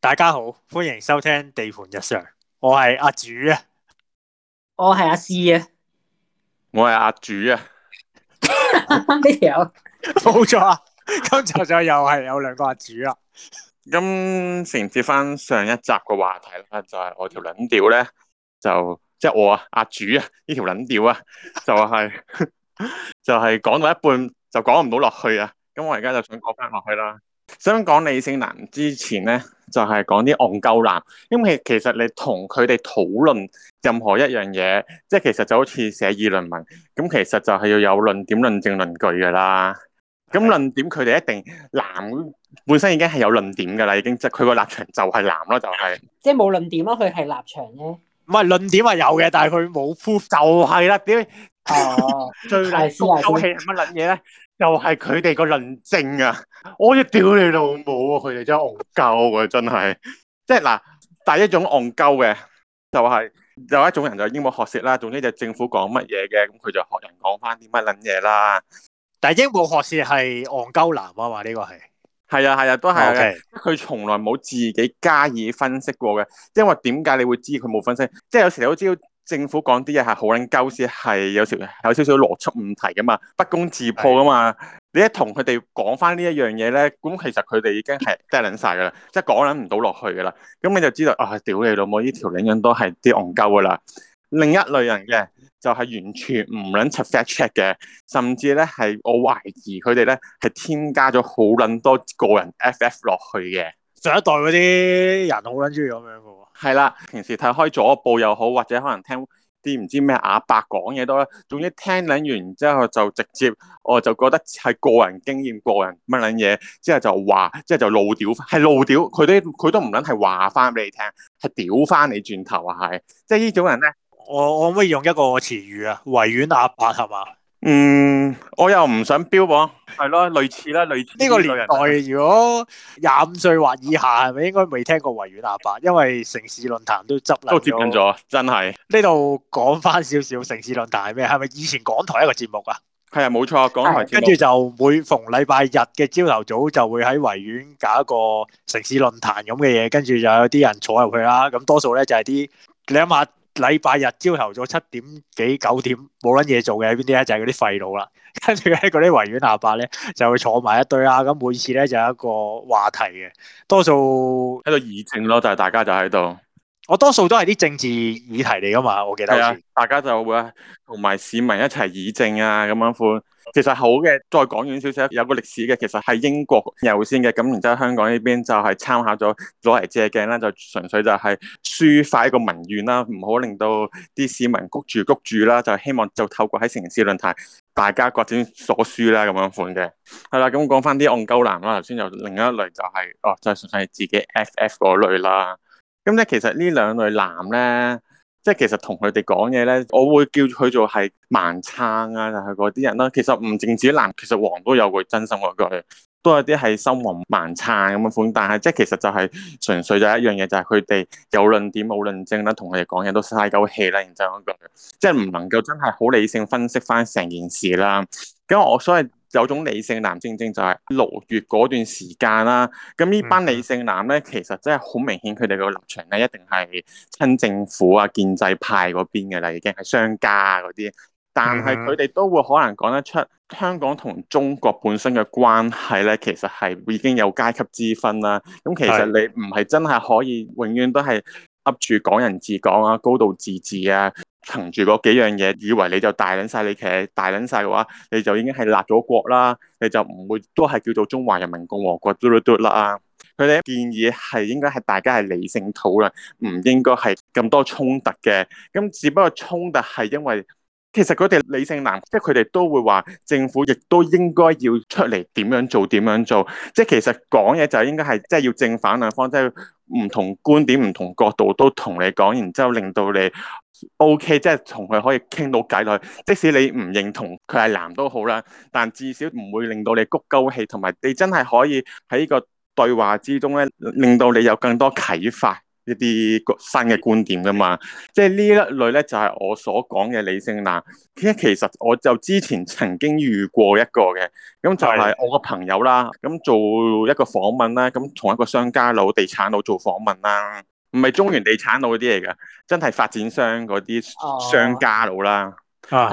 大家好，歡迎收聽地盤日常。我係阿，阿主啊，我係阿 C 啊，我係阿主啊。呢條冇錯啊，今集就又係有兩個阿主啊。咁承接翻上一集嘅話題啦，就係、是、我條卵調咧，就即係、就是、我阿主啊呢條卵調啊，就係、是、 就係講到一半就講唔到落去啊。咁我而家就想講翻落去啦。想講理性藍之前咧，就係、是、講啲戇鳩藍，因為其實你同佢哋討論任何一樣嘢，即係其實就好似寫議論文，咁其實就係要有論點、論證、論據噶啦。咁論、嗯、點佢哋一定藍，本身已經係有論點噶啦，已經即係佢個立場就係藍咯，就係、是、即係冇論點咯，佢係立場啫。唔係論點係有嘅，但係佢冇 proof 就係啦。點啊，最搞笑嘅係乜撚嘢咧？就係佢哋個論證啊！我要屌你老母啊！佢哋真係戇鳩啊！真係，即係嗱，第一種戇鳩嘅就係、是、有一種人就英文學識啦，總之就政府講乜嘢嘅，咁佢就學人講翻啲乜撚嘢啦。但係英國學士係戇鳩男啊嘛，呢個係係啊係啊都係佢 Okay. 從來冇自己加以分析過嘅。因為點解你會知佢冇分析？即係有時你都知道政府講啲嘢係好撚鳩先，係有少有少少邏輯誤題嘅嘛，不攻自破嘅嘛。的你一同佢哋講翻呢一樣嘢咧，咁其實佢哋已經係跌撚晒嘅啦， 即係講撚唔到落去嘅啦。咁你就知道啊，屌你老母！呢條領養都係啲戇鳩嘅啦。另一類人嘅就係、是、完全唔撚出 c fact check 嘅，甚至咧係我懷疑佢哋咧係添加咗好撚多個人 FF 落去嘅。上一代嗰啲人好撚中意咁樣嘅喎。係啦，平時睇開咗一部又好，或者可能聽啲唔知咩阿伯講嘢都，總之聽撚完之後就直接我就覺得係個人經驗、個人乜撚嘢，之後就話，之後就露屌，係露屌，佢都佢都唔撚係話翻俾你聽，係屌翻你轉頭啊，係，即係呢種人咧。我我可唔可以用一個詞語啊？維園阿伯係嘛？嗯，我又唔想標榜，係咯，類似啦，類似呢個年代如果廿五歲或以下，係咪應該未聽過維園阿伯？因為城市論壇都執啦，都接近咗，真係呢度講翻少少城市論壇係咩？係咪以前港台一個節目啊？係啊，冇錯，港台節目、嗯。跟住就每逢禮拜日嘅朝頭早，就會喺維園搞一個城市論壇咁嘅嘢，跟住就有啲人坐入去啦。咁多數咧就係啲你諗下。禮拜日朝頭早七點幾九點冇捻嘢做嘅，邊啲咧就係嗰啲廢佬啦，跟住喺嗰啲維園阿伯咧就會坐埋一堆啦。咁每次咧就有一個話題嘅，多數喺度議政咯，就係、是、大家就喺度。我多數都係啲政治議題嚟噶嘛，我記得。係啊，大家就會同埋市民一齊議政啊，咁樣款。其實好嘅，再講遠少少，有個歷史嘅，其實係英國有先嘅，咁然之後香港呢邊就係參考咗，攞嚟借鏡啦，就純粹就係抒發一個民怨啦，唔好令到啲市民谷住谷住啦，就希望就透過喺城市論壇，大家各展所抒啦，咁樣款嘅，係啦，咁講翻啲戇鳩男啦，頭先有另一類就係、是，哦，就係純粹係自己 FF 嗰類啦，咁咧其實呢兩類男咧。即係其實同佢哋講嘢咧，我會叫佢做係盲撐啊，定係嗰啲人啦。其實唔淨止藍，其實黃都有句真心嗰句，都有啲係心黃盲撐咁嘅款。但係即係其實就係純粹就係一樣嘢，就係佢哋有論點冇論證啦，同佢哋講嘢都嘥鳩氣啦，然之後即係唔能夠真係好理性分析翻成件事啦。咁我所謂。有種理性男正正就係六月嗰段時間啦，咁呢班理性男咧，其實真係好明顯，佢哋個立場咧一定係親政府啊、建制派嗰邊嘅啦，已經係商家嗰啲，但係佢哋都會可能講得出香港同中國本身嘅關係咧，其實係已經有階級之分啦。咁其實你唔係真係可以永遠都係。噏住港人治港啊，高度自治啊，憑住嗰幾樣嘢，以為你就大捻曬，你其實大捻曬嘅話，你就已經係立咗國啦，你就唔會都係叫做中華人民共和國嘟嘟嘟啦。佢哋建議係應該係大家係理性討論，唔應該係咁多衝突嘅。咁只不過衝突係因為。其實佢哋理性藍，即係佢哋都會話，政府亦都應該要出嚟點樣做點樣做。即係其實講嘢就係應該係，即係要正反兩方，即係唔同觀點、唔同角度都同你講，然之後令到你 OK，即係同佢可以傾到偈落去。即使你唔認同佢係藍都好啦，但至少唔會令到你谷鳩氣，同埋你真係可以喺呢個對話之中咧，令到你有更多啟發。一啲新嘅觀點噶嘛，即係呢一類咧，就係我所講嘅理性啦。其實我就之前曾經遇過一個嘅，咁就係我個朋友啦，咁做一個訪問啦，咁同一個商家佬、地產佬做訪問啦，唔係中原地產佬啲嚟噶，真係發展商嗰啲商家佬啦。啊，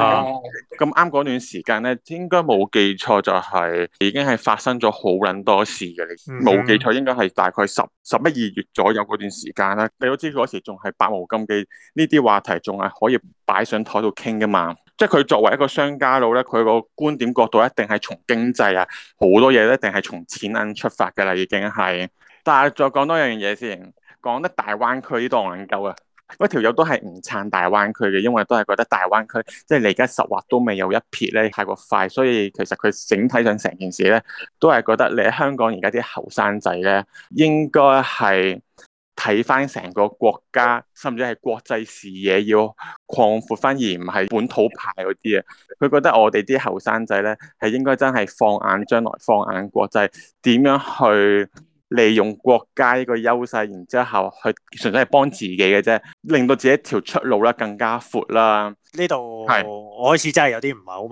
咁啱嗰段時間咧，應該冇記錯就係已經係發生咗好撚多事嘅。冇記錯應該係大概十十一二月左右嗰段時間啦。你都知嗰時仲係百無禁忌，呢啲話題仲係可以擺上台度傾噶嘛？即係佢作為一個商家佬咧，佢個觀點角度一定係從經濟啊好多嘢咧，一定係從錢銀出發嘅啦，已經係。但係再講多一樣嘢先，講得大灣區呢度能夠啊。嗰條友都係唔撐大灣區嘅，因為都係覺得大灣區即係你而家十劃都未有一撇咧，太過快，所以其實佢整體上成件事咧，都係覺得你喺香港而家啲後生仔咧，應該係睇翻成個國家，甚至係國際視野要擴闊翻，而唔係本土派嗰啲啊。佢覺得我哋啲後生仔咧，係應該真係放眼將來，放眼國際，點樣去，利用國家呢個優勢，然之後去純粹係幫自己嘅啫，令到自己一條出路咧更加闊啦。呢度係我開始真係有啲唔係好明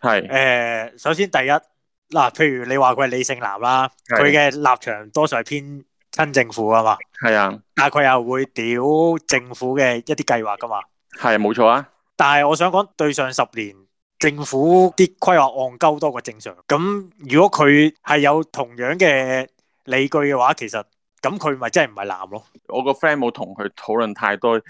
係誒是、呃。首先第一嗱、啊，譬如你話佢係理性藍啦、啊，佢嘅是立場多數係偏親政府啊，政府嘛，係啊，但係佢又會屌政府嘅一啲計劃噶嘛，係冇錯啊。但係我想講對上十年政府啲規劃戇鳩多過正常咁，如果佢係有同樣嘅。理據嘅話，其實咁佢咪真係唔係藍咯？我個 friend 冇同佢討論太多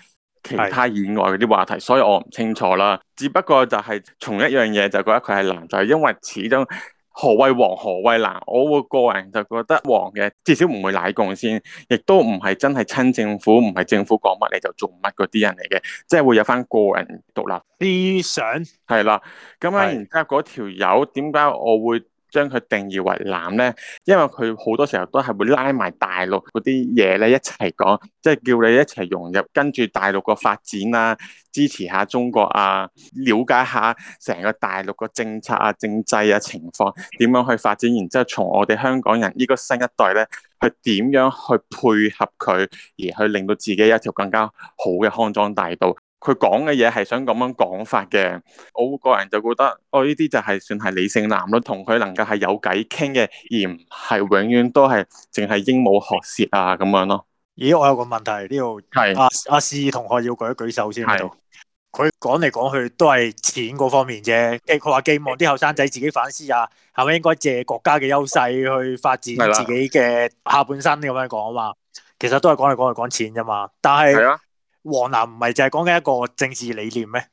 其他以外嗰啲話題，是所以我唔清楚啦。只不過就係從一樣嘢就覺得佢係藍，就係因為始終何謂黃何謂藍，我會個人就覺得黃嘅至少唔會奶共先，亦都唔係真係親政府，唔係政府講乜你就做乜嗰啲人嚟嘅，即係會有翻個人獨立思想係啦。咁樣，而家嗰條友點解我會？將佢定義為藍咧，因為佢好多時候都係會拉埋大陸嗰啲嘢咧一齊講，即係叫你一齊融入跟住大陸個發展啊，支持下中國啊，了解下成個大陸個政策啊、政制啊，情況點樣去發展，然之後從我哋香港人呢個新一代咧，去點樣去配合佢，而去令到自己一條更加好嘅康莊大道。佢講嘅嘢係想咁樣講法嘅，我個人就覺得我呢啲就係算係理性男咯，同佢能夠係有偈傾嘅，而唔係永遠都係淨係鸚鵡學舌啊咁樣咯。咦，我有個問題呢度，阿阿思同學要舉一舉手先。佢講嚟講去都係錢嗰方面啫，佢話寄望啲後生仔自己反思下，啊，係咪應該借國家嘅優勢去發展自己嘅下半身咁樣講啊嘛？的其實都係講嚟講去講錢啫嘛，但係。黃南唔係就係講緊一個政治理念咩？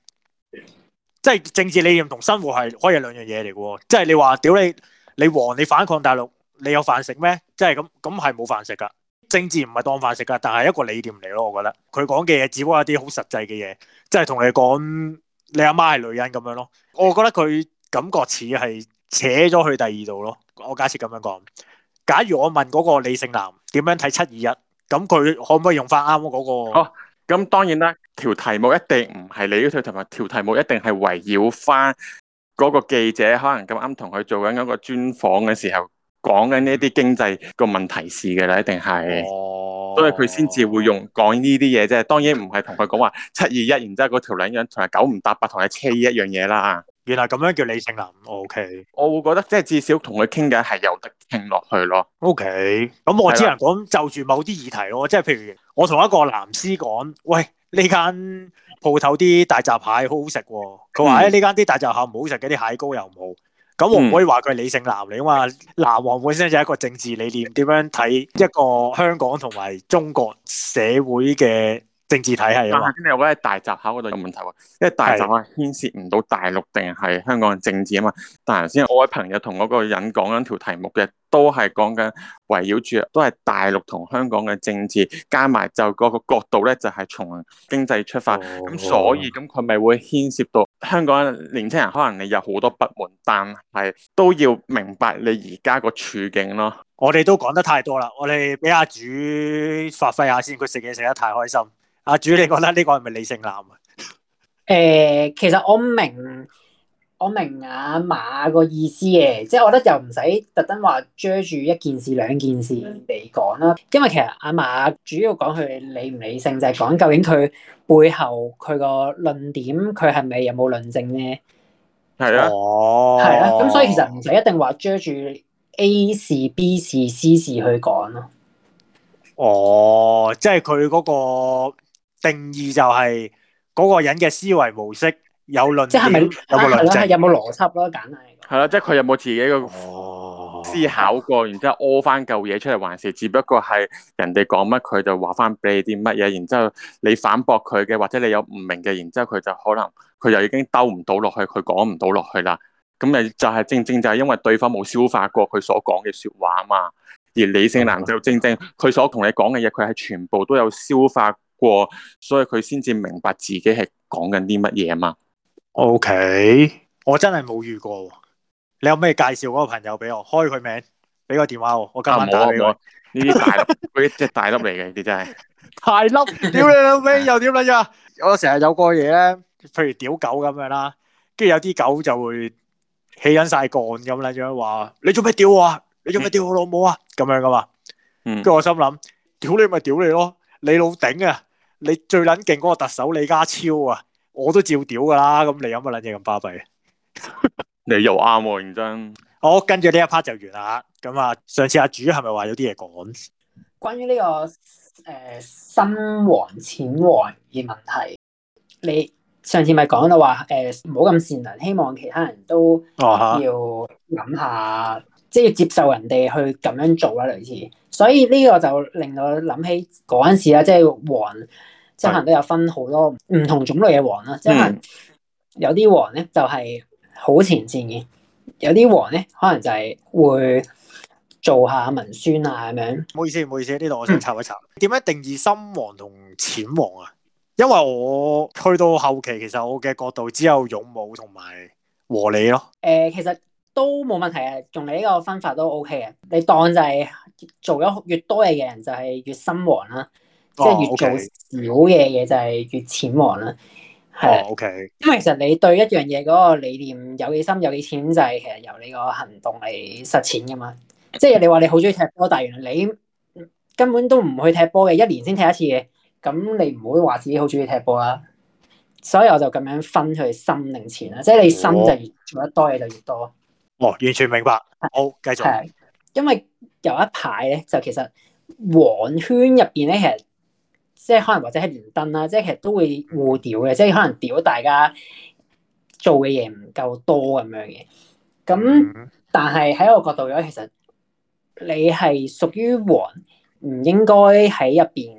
即係政治理念同生活係可以係兩樣嘢嚟嘅，即係你話屌你你黃你反抗大陸，你有飯食咩？即係咁，咁係冇飯食噶，政治唔係當飯食噶，但係一個理念嚟咯，我覺得佢講嘅嘢只不過係一啲好實際嘅嘢，即係同你講你阿媽係女人咁樣咯。我覺得佢感覺似係扯咗去第二度咯。我假設咁樣講，假如我問嗰個李勝男點樣睇七二一，咁佢可唔可以用翻啱嗰個？哦咁當然啦，條題目一定唔係你呢條，同埋條題目一定係圍繞翻嗰個記者，可能咁啱同佢做緊嗰個專訪嘅時候講緊呢啲經濟個問題事嘅啦，一定係哦，所以佢先至會用講呢啲嘢啫。當然唔係同佢講話七二一，然之後嗰條兩樣，同埋九唔搭八同嘅車一樣嘢啦。原來咁樣叫理性藍，O、OK、K，我會覺得即係至少同佢傾緊係有得傾落去咯。O K，咁我只能講就住某啲議題咯，即係譬如我同一個藍絲講，喂呢間鋪頭啲大閘蟹好、嗯、蟹好食，佢話咧呢間啲大閘蟹唔好食嘅，啲蟹膏又唔好。」咁我唔可以話佢係理性藍嚟啊嘛？嗱、嗯，我本身就係一個政治理念，點樣睇一個香港同埋中國社會嘅。政治體系啊嘛，咁我覺得大閘口嗰度有問題喎，的因為大閘口係牽涉唔到大陸定係香港嘅政治啊嘛。但係頭先，我位朋友同我個人講緊條題目嘅，都係講緊圍繞住都係大陸同香港嘅政治，加埋就嗰個角度咧，就係從經濟出發。咁、哦、所以咁佢咪會牽涉到香港年輕人可能你有好多不滿，但係都要明白你而家個處境咯。我哋都講得太多啦，我哋俾阿主發揮下先，佢食嘢食得太開心。阿主，你覺得呢個係咪理性藍啊？誒、欸，其實我明，我明阿、啊、馬個意思嘅，即係我覺得又唔使特登話遮住一件事、兩件事嚟講啦。因為其實阿、啊、馬主要講佢理唔理性，就係、是、講究竟佢背後佢個論點，佢係咪有冇論證咧？係啦、啊，係啦、哦、咁、啊、所以其實唔使一定話遮住 A 事、B 事、C 事去講咯。哦，即係佢嗰個。定義就係嗰個人嘅思維模式有論，即係有冇論證？啊、有冇邏輯咯？梗係係啦，即係佢有冇自己個思考過？然之後屙翻嚿嘢出嚟，還是，是只不過係人哋講乜佢就話翻俾你啲乜嘢？然之後你反駁佢嘅，或者你有唔明嘅，然之後佢就可能佢就已經兜唔到落去，佢講唔到落去啦。咁你就係、是、正正就係因為對方冇消化過佢所講嘅說話嘛。而理性藍就正正佢所同你講嘅嘢，佢係全部都有消化過，所以佢先至明白自己係講緊啲乜嘢啊嘛。O K，我真係冇遇過，你有咩介紹嗰個朋友俾我？開佢名，俾個電話我，我今晚打俾佢。呢啲大，嗰隻大粒嚟嘅，呢啲真係大粒。屌你老味，又點啦？我成日有個嘢咧，譬如屌狗咁樣啦，跟住有啲狗就會氣緊晒槓咁樣樣話：你做咩屌我啊？你做咩屌我老母啊？咁樣噶嘛。跟住我心諗：屌你咪屌你咯，你老頂啊！你最撚勁嗰個特首李家超啊，我都照屌㗎啦，咁你有乜撚嘢咁巴閉？ 你又啱喎、啊，認真。我跟住呢一 part 就完啦。咁、嗯、啊，上次阿主係咪話有啲嘢講？關於呢、這個誒深黃淺黃嘅問題，你上次咪講到話誒，唔好咁善良，希望其他人都要諗下，啊、哈即係接受人哋去咁樣做啦、啊，類似。所以呢個就令我諗起嗰陣時啦，即係黃，即係可能都有分好多唔同種類嘅黃啦。是即係有啲黃咧就係、是、好前線嘅，有啲黃咧可能就係會做下文宣啊係咪？唔好意思，唔好意思，呢度我想插一插。點樣、嗯、定義深黃同淺黃啊？因為我去到後期，其實我嘅角度只有勇武同埋和理咯。誒、呃，其實。都冇問題啊，用你呢個分法都 O K 啊。你當就係做咗越多嘢嘅人就係越深黃啦，哦、即係越做少嘅嘢就係越淺黃啦。係，O K。是哦 okay. 因為其實你對一樣嘢嗰個理念有幾深有幾淺，就係其實由你個行動嚟實踐噶嘛。即係你話你好中意踢波，但係原來你根本都唔去踢波嘅，一年先踢一次嘅，咁你唔會話自己好中意踢波啦。所以我就咁樣分佢深定淺啦，即係你深就越做得多嘢就越多。哦，完全明白。好，繼續。係因為有一排咧，就其實黃圈入邊咧，其實即係可能或者係連登啦，即係其實都會互屌嘅，即係可能屌大家做嘅嘢唔夠多咁樣嘅。咁但係喺我角度咧，其實你係屬於黃，唔應該喺入邊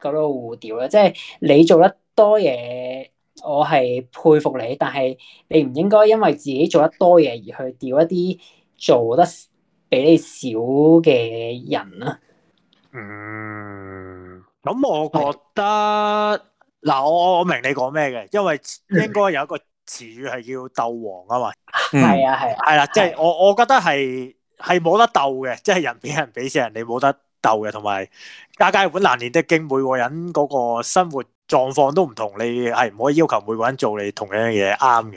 嗰度互屌嘅。即係你做得多嘢。我係佩服你，但係你唔應該因為自己做得多嘢而去屌一啲做得比你少嘅人啊！嗯，咁我覺得嗱，係，我我明你講咩嘅，因為應該有一個詞語係叫鬥王啊嘛，係啊，嗯，係，係啦，啊，即係，我我覺得係係冇得鬥嘅，即係人比人比死人，你冇得。鬥嘅，同埋家家本難念的經，每個人嗰個生活狀況都唔同，你係唔可以要求每個人做你同樣嘅嘢啱嘅。誒、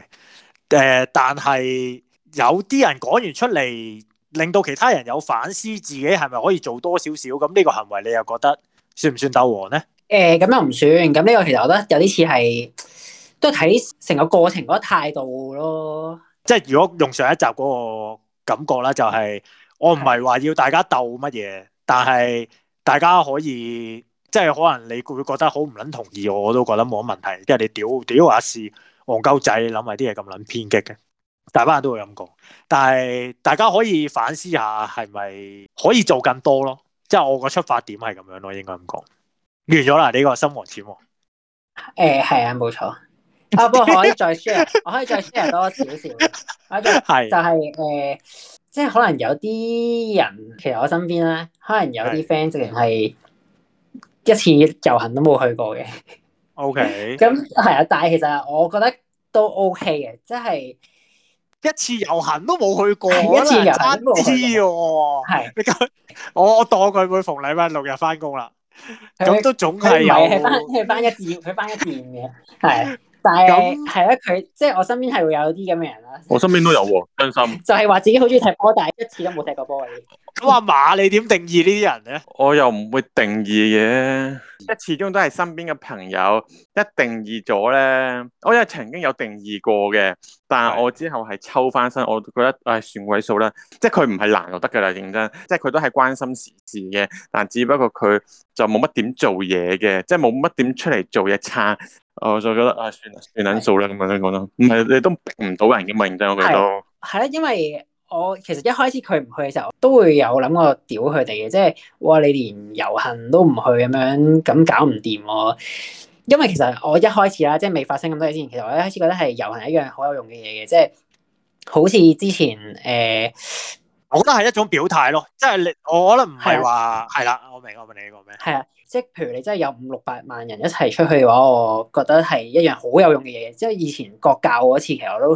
呃，但係有啲人講完出嚟，令到其他人有反思，自己係咪可以做多少少咁？呢、嗯這個行為你又覺得算唔算鬥和咧？誒、呃，咁又唔算。咁、這、呢個其實我覺得有啲似係都睇成個過程嗰個態度咯。即係如果用上一集嗰個感覺啦、就是，就係我唔係話要大家鬥乜嘢。但係大家可以，即係可能你會，會覺得好唔捻同意我，我都覺得冇乜問題。即係你屌屌阿士戇鳩仔諗埋啲嘢，咁捻偏激嘅，大班人都會咁講。但係大家可以反思下，係咪可以做更多咯？即係我個出發點係咁樣咯，應該咁講。完咗啦，呢個心和錢和。誒、呃，係啊，冇錯。啊，不過我可以再 share，我可以再 share 多少少。係就係、是、誒。是呃即係可能有啲人，其實我身邊咧，可能有啲 friend 直情係一次遊行都冇去過嘅。O K，咁係啊，但係其實我覺得都 O K 嘅，即係一次遊行都冇去過， 一次遊行都冇。係，我我當佢每逢禮拜六日翻工啦。咁沒都總係有。佢翻佢翻一次，佢翻一店嘅係。 但係啊，佢樣即係我身邊係會有啲咁嘅人啦。我身邊都有喎，真心。就係話自己好鍾意踢波，但係一次都冇踢過波嘅。咁 阿馬，你點定義呢啲人咧？我又唔會定義嘅，一始終都係身邊嘅朋友一定義咗咧。我有曾經有定義過嘅。但係我之後係抽翻身，我都覺得誒、哎、算鬼數啦，即係佢唔係難就得噶啦，認真，即係佢都係關心時事嘅，但只不過佢就冇乜點做嘢嘅，即係冇乜點出嚟做嘢差，我就覺得誒、哎、算算撚數啦，咁樣講啦，唔係你都逼唔到人噶嘛，認真我覺得係啦，因為我其實一開始佢唔去嘅時候，都會有諗過屌佢哋嘅，即係哇你連遊行都唔去咁樣，咁搞唔掂喎。因為其實我一開始啦，即係未發生咁多嘢之前，其實我一開始覺得係遊行一樣好有用嘅嘢嘅，即係好似之前誒，呃、我覺得係一種表態咯，即係你我覺得唔係話係啦，我明我問你呢個咩？係啊，即係譬如你真係有五六百萬人一齊出去嘅話，我覺得係一樣好有用嘅嘢。即係以前國教嗰次其實我都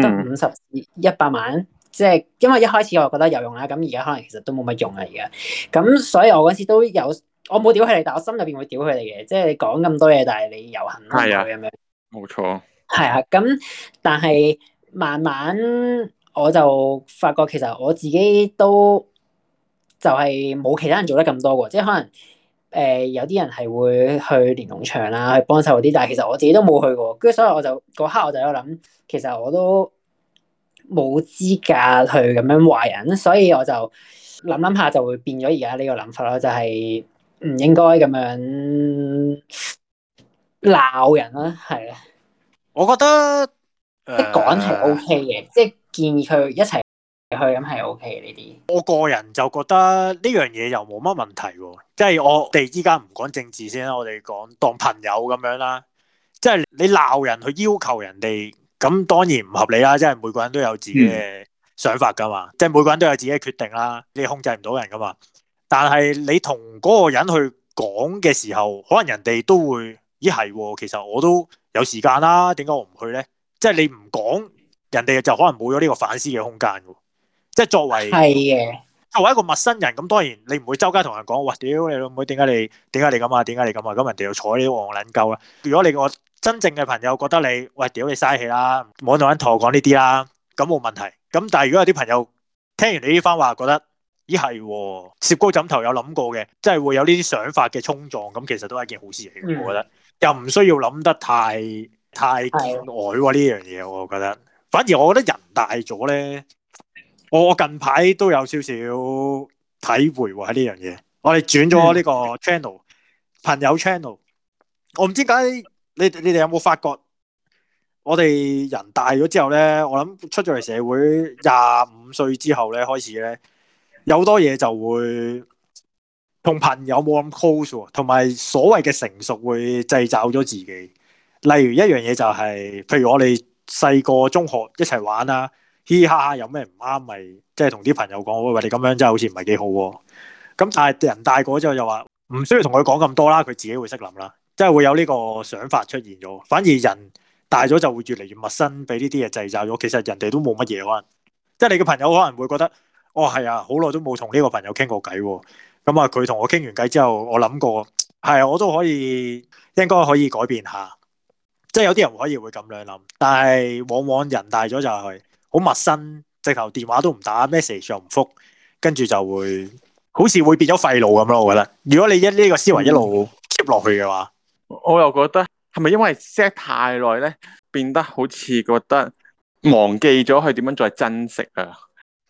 得五十一百萬，嗯、即係因為一開始我覺得有用啦，咁而家可能其實都冇乜用啊而家，咁所以我嗰次都有。我冇屌佢哋，但係我心入邊會屌佢哋嘅。即係你講咁多嘢，但係你遊行咁樣，冇錯，係啊。咁但係慢慢我就發覺，其實我自己都就係冇其他人做得咁多嘅，即係可能呃有啲人係會去連同場啦，去幫手嗰啲，但係其實我自己都冇去過，跟住所以我就嗰刻我就喺度諗，其實我都冇資格去咁樣壞人，所以我就諗諗下就會變咗而家呢個諗法咯，就係。唔應該咁樣鬧人啦，係啊，我覺得即係講係 O K 嘅，即係、OK 呃、建議佢一齊去咁係 O K 呢啲。我個人就覺得呢樣嘢又冇乜問題，即係我哋依家唔講政治先啦，我哋講當朋友咁樣啦，即係你鬧人去要求人哋咁，當然唔合理啦。即係每個人都有自己嘅想法噶嘛，即係、嗯、每個人都有自己決定啦，你控制唔到人噶嘛。但係你同嗰個人去講嘅時候，可能人哋都會，咦係，其實我都有時間啦，點解我唔去咧？即係你唔講，人哋就可能冇咗呢個反思嘅空間。即係作為係嘅，是的 作為一個陌生人，咁當然你唔會周街同人講，喂，屌你老妹，點解你點解你咁啊？點解你咁啊？咁人哋要坐呢啲戇卵鳩啊！如果你我真正嘅朋友覺得你，喂，屌你嘥氣啦，冇得同人同我講呢啲啦，咁冇問題。咁但係如果有啲朋友聽完你呢番話，覺得，咦係喎，攝高枕頭有諗過嘅，真係會有呢啲想法嘅衝撞，咁其實都係一件好事嚟嘅，我覺得。又唔需要諗得太太曠外喎呢樣嘢，我覺得。反而我覺得人大咗咧，我近排都有少少體會喎喺呢樣嘢。我哋轉咗呢個 channel，朋友 channel。我唔知解你你哋有冇發覺？我哋人大咗之後咧，我諗出咗嚟社會廿五歲之後咧開始咧。有多嘢就會同朋友冇咁 close 喎，同埋所謂嘅成熟會製造咗自己。例如一樣嘢就係，譬如我哋細個中學一齊玩啊，嘻嘻哈哈，有咩唔啱咪即係同啲朋友講，喂喂，你咁樣真係好似唔係幾好喎。咁但係人大個之後就話唔需要同佢講咁多啦，佢自己會識諗啦，即係會有呢個想法出現咗。反而人大咗就會越嚟越陌生，俾呢啲嘢製造咗。其實人哋都冇乜嘢可能，即係你嘅朋友可能會覺得。哦，係啊，好耐都冇同呢個朋友傾過偈，咁啊，佢、嗯、同我傾完偈之後，我諗過，係啊，我都可以，應該可以改變下，即係有啲人可以會咁樣諗，但係往往人大咗就係好陌生，直頭電話都唔打，message 又唔覆，跟住就會好似會變咗廢路咁咯，我覺得。如果你一呢個思維一路 keep 落去嘅話，我又覺得係咪因為 set 太耐咧，變得好似覺得忘記咗佢點樣再珍惜啊？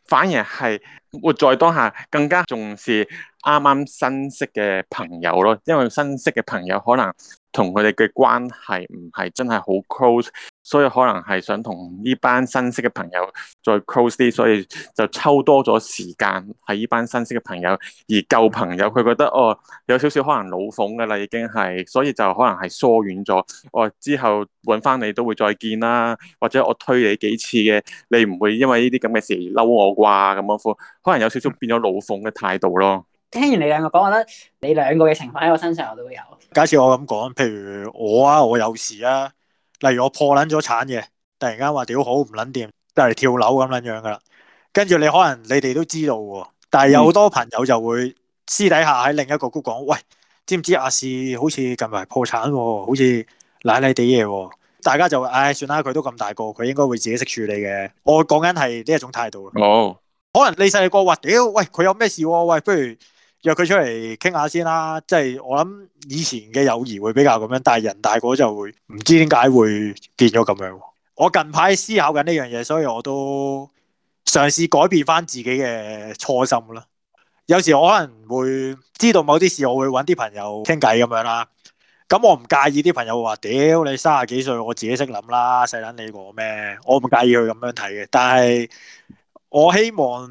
反而係活在當下，更加重視啱啱新識嘅朋友囉，因為新識嘅朋友可能同佢哋嘅關係唔係真係好 close。所以可能係想同呢班新識嘅朋友再 close 啲，所以就抽多咗時間喺呢班新識嘅朋友，而舊朋友佢覺得哦，有少少可能老馮噶啦，已經係，所以就可能係疏遠咗。哦，之後搵翻你都會再見啦，或者我推你幾次嘅，你唔會因為呢啲咁嘅事而嬲我啩，咁樣。可能有少少變咗老馮嘅態度咯。聽完你兩個講，我覺得你兩個嘅情況喺我身上我都會有。假設我咁講，譬如我啊，我有事啊。例如我破捻咗產嘅，突然間話屌好唔捻掂，都係跳樓咁捻樣噶啦。跟住你可能你哋都知道，但係有好多朋友就會私底下喺另一個 group 講，喂，知唔知亞視好似近排破產，好似奶奶地嘢。大家就唉、哎、算啦，佢都咁大個，佢應該會自己識處理嘅。我講緊係呢一種態度咯，冇、哦、可能你細個話屌喂，佢有咩事？喂，不如。約佢出嚟傾下先啦，即係我諗以前嘅友誼會比較咁樣，但係人大個就會唔知點解會變咗咁樣。我近排思考緊呢樣嘢，所以我都嘗試改變翻自己嘅初心啦。有時我可能會知道某啲事，我會搵啲朋友傾偈咁樣啦。咁我唔介意啲朋友話屌 你三十幾歲，我自己識諗啦，細捻你理我咩？我唔介意佢咁樣睇嘅。但係我希望，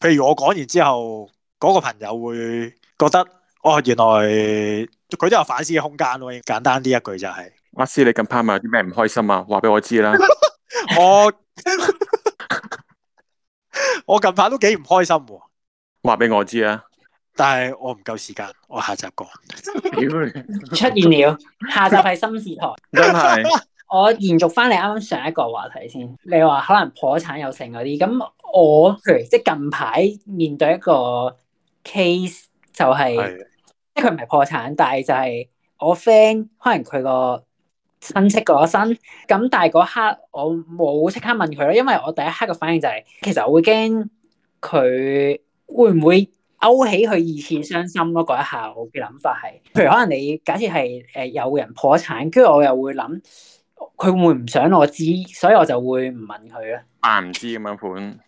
譬如我講完之後。嗰個朋友會覺得哦，原來佢都有反思嘅空間咯。簡單啲一句就係阿詩，你近排咪有啲咩唔開心啊？話俾我知啦。 我 我近排都幾唔開心，話俾我知啊！但係我唔夠時間，我下集講。 出現了，下集係心事台。 真係是， 我延續翻你啱啱上一個話題先。你話可能破產又成嗰啲，咁我即係近排面對一個。case 就係、是，的即係佢唔係破產，但係就係我 friend 可能佢個親戚過身，咁但係嗰刻我冇即刻問佢咯，因為我第一刻個反應就係、是，其實我會驚佢會唔會勾起佢二次傷心咯，嗰一下我嘅諗法係，譬如可能你假設係誒有人破產，跟住我又會諗佢會唔會唔想我知，所以我就會唔問佢咧。扮唔知咁樣款。嗯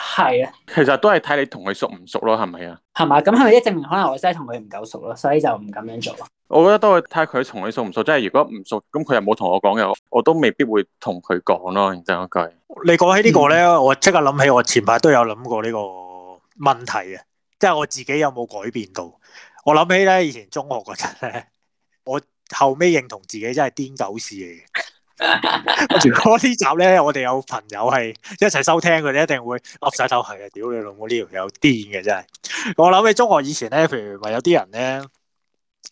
係啊，其實都係睇你同佢熟唔熟咯，係咪啊？係嘛，咁係咪一係證明可能我真係同佢唔夠熟咯，所以就唔咁樣做啊？我覺得都係睇佢同你熟唔熟，即係如果唔熟，咁佢又冇同我講嘅，我都未必會同佢講咯。真係，你講起呢、這個咧，嗯、我即刻諗起我前排都有諗過呢個問題嘅，即係我自己有冇改變到？我諗起咧，以前中學嗰陣咧，我後尾認同自己真係癲狗事嚟嘅。呢 集咧，我哋有朋友係一齊收聽，佢哋一定會搲晒頭係啊！屌你老母，呢條友癲嘅真係。我諗起中學以前咧，譬如話有啲人咧。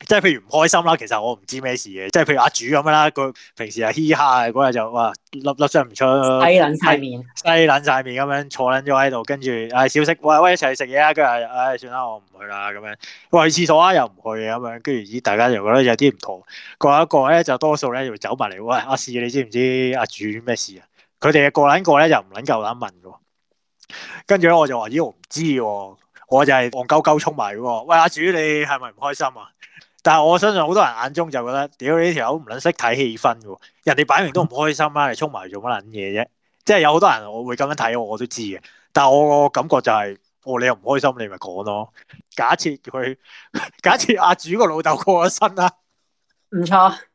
即係譬如唔開心啦，其實我唔知咩事嘅。即係譬如阿主咁啦，佢平時係嘻哈，嗰日就哇粒粒聲唔出，犀捻晒面，犀捻晒面咁樣坐捻咗喺度，跟住唉小息，喂喂一齊去食嘢啊，跟住唉算啦，我唔去啦咁樣，喂去廁所啊又唔去咁樣，跟住咦大家就覺得有啲唔妥，過一個咧就多數咧就走埋嚟，喂阿士你知唔知阿、啊、主咩事啊？佢哋個捻個咧又唔捻夠膽問嘅，跟住咧我就話咦我唔知，我就係戇鳩鳩衝埋嘅。喂阿、啊、主你係咪唔開心啊？但係我相信好多人眼中就覺得，屌你條友唔卵識睇氣氛嘅，人哋擺明都唔開心啦，啊，你衝埋做乜卵嘢啫？即係有好多人我會咁樣睇，我我都知嘅。但係我感覺就係、是，哦你又唔開心，你咪講咯。假設佢，假設阿主個老豆過咗身啦，唔錯，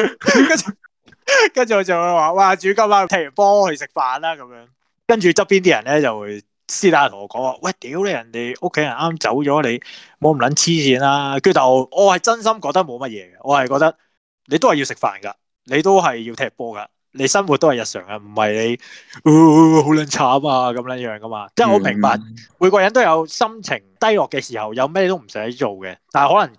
跟住跟住我就會話，哇主今晚踢完波去食飯啦咁樣，跟住側邊啲人咧就會。師奶同我講話，喂，屌你，人哋屋企人啱走咗，你冇咁撚黐線啦。跟住就，我係真心覺得冇乜嘢嘅，我係覺得你都係要食飯噶，你都係要踢波噶，你生活都係日常噶，唔係你好撚慘啊咁樣樣噶嘛。即係我明白、嗯、每個人都有心情低落嘅時候，有咩都唔想做嘅。但係可能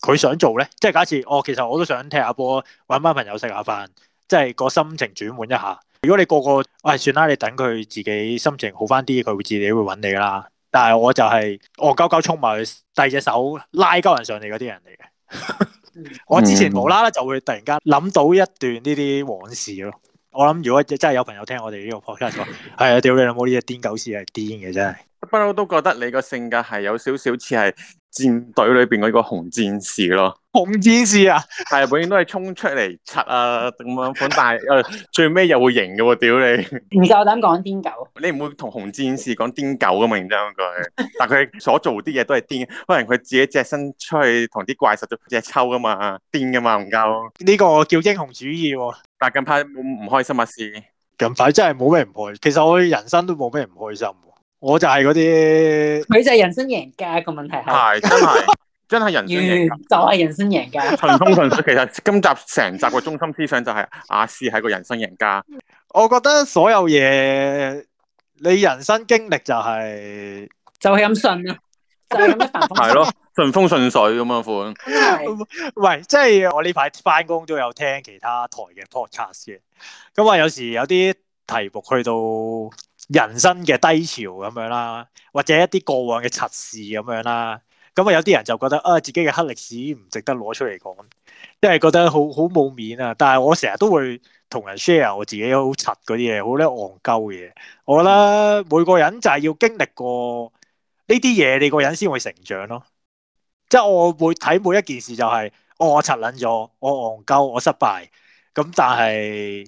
佢想做咧，即係假設我、哦、其實我都想踢下波，揾返朋友食下飯，即係個心情轉換一下。如果你個個喂，哎、算啦，你等佢自己心情好翻啲，佢會自己會揾你㗎啦。但係我就係我鳩鳩衝埋去遞隻手拉鳩人上嚟嗰啲人嚟嘅。 我之前無啦啦就會突然間諗到一段呢啲往事咯。我諗如果真係有朋友聽我哋呢個 podcast，係啊屌你有冇呢隻癲狗屎係癲嘅真係。不嬲都覺得你個性格係有少少似係戰隊裏邊嗰個紅戰士咯，紅戰士啊，係永遠都係衝出嚟拆啊咁樣款，但係、啊、最尾又會贏嘅喎，屌你唔夠膽講癲狗，你唔會同紅戰士講癲狗噶嘛？認真佢， 但係佢所做啲嘢都係癲，可能佢自己隻身出去同啲怪獸隻抽噶嘛，癲噶嘛唔夠，呢個叫英雄主義、啊。但係近排冇唔開心啊，事？近排真係冇咩唔開心，其實我人生都冇咩唔開心。我就係嗰啲，佢就係人生贏家，個問題係，係 真係真係人生贏家，就係人生贏家，順風順水。其實今集成集嘅中心思想就係亞視係個人生贏家。我覺得所有嘢，你人生經歷就係、是、 就係咁順啦，就係咁一帆風順係咯，順風順水咁樣款。喂，即係我呢排翻工都有聽其他台嘅 podcast 嘅，咁、嗯、啊、嗯、有時有啲題目去到。人生嘅低潮咁樣啦，或者一啲過往嘅插事咁樣啦，咁、嗯、啊、有啲人就覺得啊自己嘅黑歷史唔值得攞出嚟講，即係覺得好好冇面啊。但係我成日都會同人 share 我自己好柒嗰啲嘢，好咧戇鳩嘅嘢。我覺得每個人就係要經歷過呢啲嘢，你個人先會成長咯。即係我會睇每一件事就係哦，我柒撚咗，我戇鳩，我失敗。咁但係。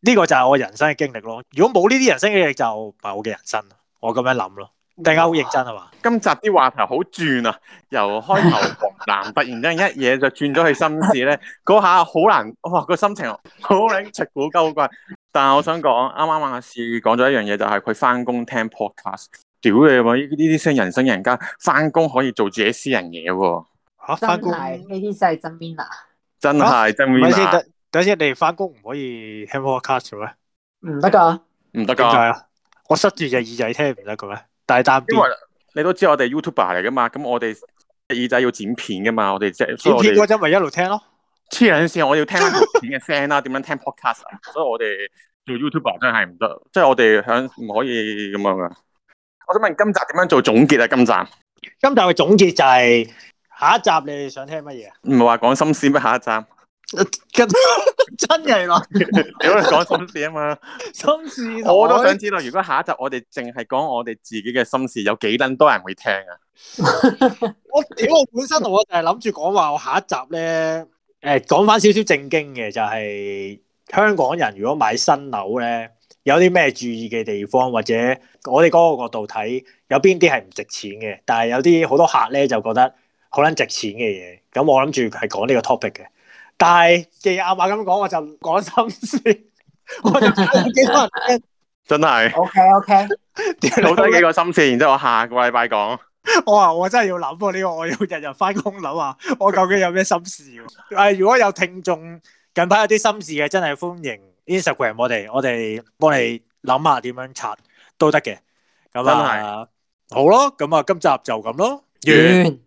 呢個就係我人生嘅經歷咯。如果冇呢啲人生經歷，就唔係我嘅人生。我咁樣諗咯。大家好認真係嘛？今集啲話題好轉啊，由開頭黃藍突然間一嘢就轉咗去心事咧。嗰下好難，哇個心情好擰出股筋。但係我想講，啱啱阿士講咗一樣嘢，就係佢翻工聽 podcast，屌你，依呢啲先人生贏家。翻工可以做自己私人嘢喎、啊。真係呢啲真係真面啊！真係真面等下先，你哋翻工唔可以聽 podcast 嘅咩？唔得噶，唔得噶，我塞住隻耳仔聽唔得嘅咩？但係單邊，因為你都知我哋 YouTuber 嚟噶嘛？咁我哋耳仔要剪片噶嘛？我哋即係剪片嗰陣咪一路聽咯。黐捻線，我要聽片嘅聲啦，點 樣聽 podcast 所以我哋做 YouTuber 真係唔得，即係我哋響唔可以咁樣噶。我想問今集點樣做總結啊？今集。今集嘅總結就係下一集你哋想聽乜嘢？唔係話講心思咩？下一集。 真係咯，屌你講心事啊嘛， 心事台 我都想知道。如果下一集我哋淨係講我哋自己嘅心事，有幾捻多人會聽啊？我屌我本身我就係諗住講話我下一集咧，誒講翻少少正經嘅就係香港人如果買新樓咧，有啲咩注意嘅地方，或者我哋嗰個角度睇，有邊啲係唔值錢嘅，但係有啲好多客咧就覺得好捻值錢嘅嘢。咁我諗住係講呢個 topic 嘅。但係，既阿媽咁講，我就講心事，我就幾多人真係。O K O K，留低幾個心事，然之後我下個禮拜講。我話我真係要諗，呢個我要日日翻工諗啊！我究竟有咩心事？誒，如果有聽眾近排有啲心事嘅，真係歡迎 Instagram 我哋，我哋幫你諗下點樣拆都得嘅。咁啊，好咯，咁啊，今集就咁咯，完。